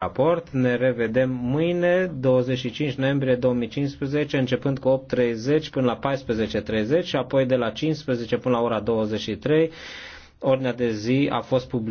raport. Ne revedem mâine, 25 noiembrie 2015, începând cu 8.30 până la 14.30 și apoi de la 15 până la ora 23. Ordinea de zi a fost publicată.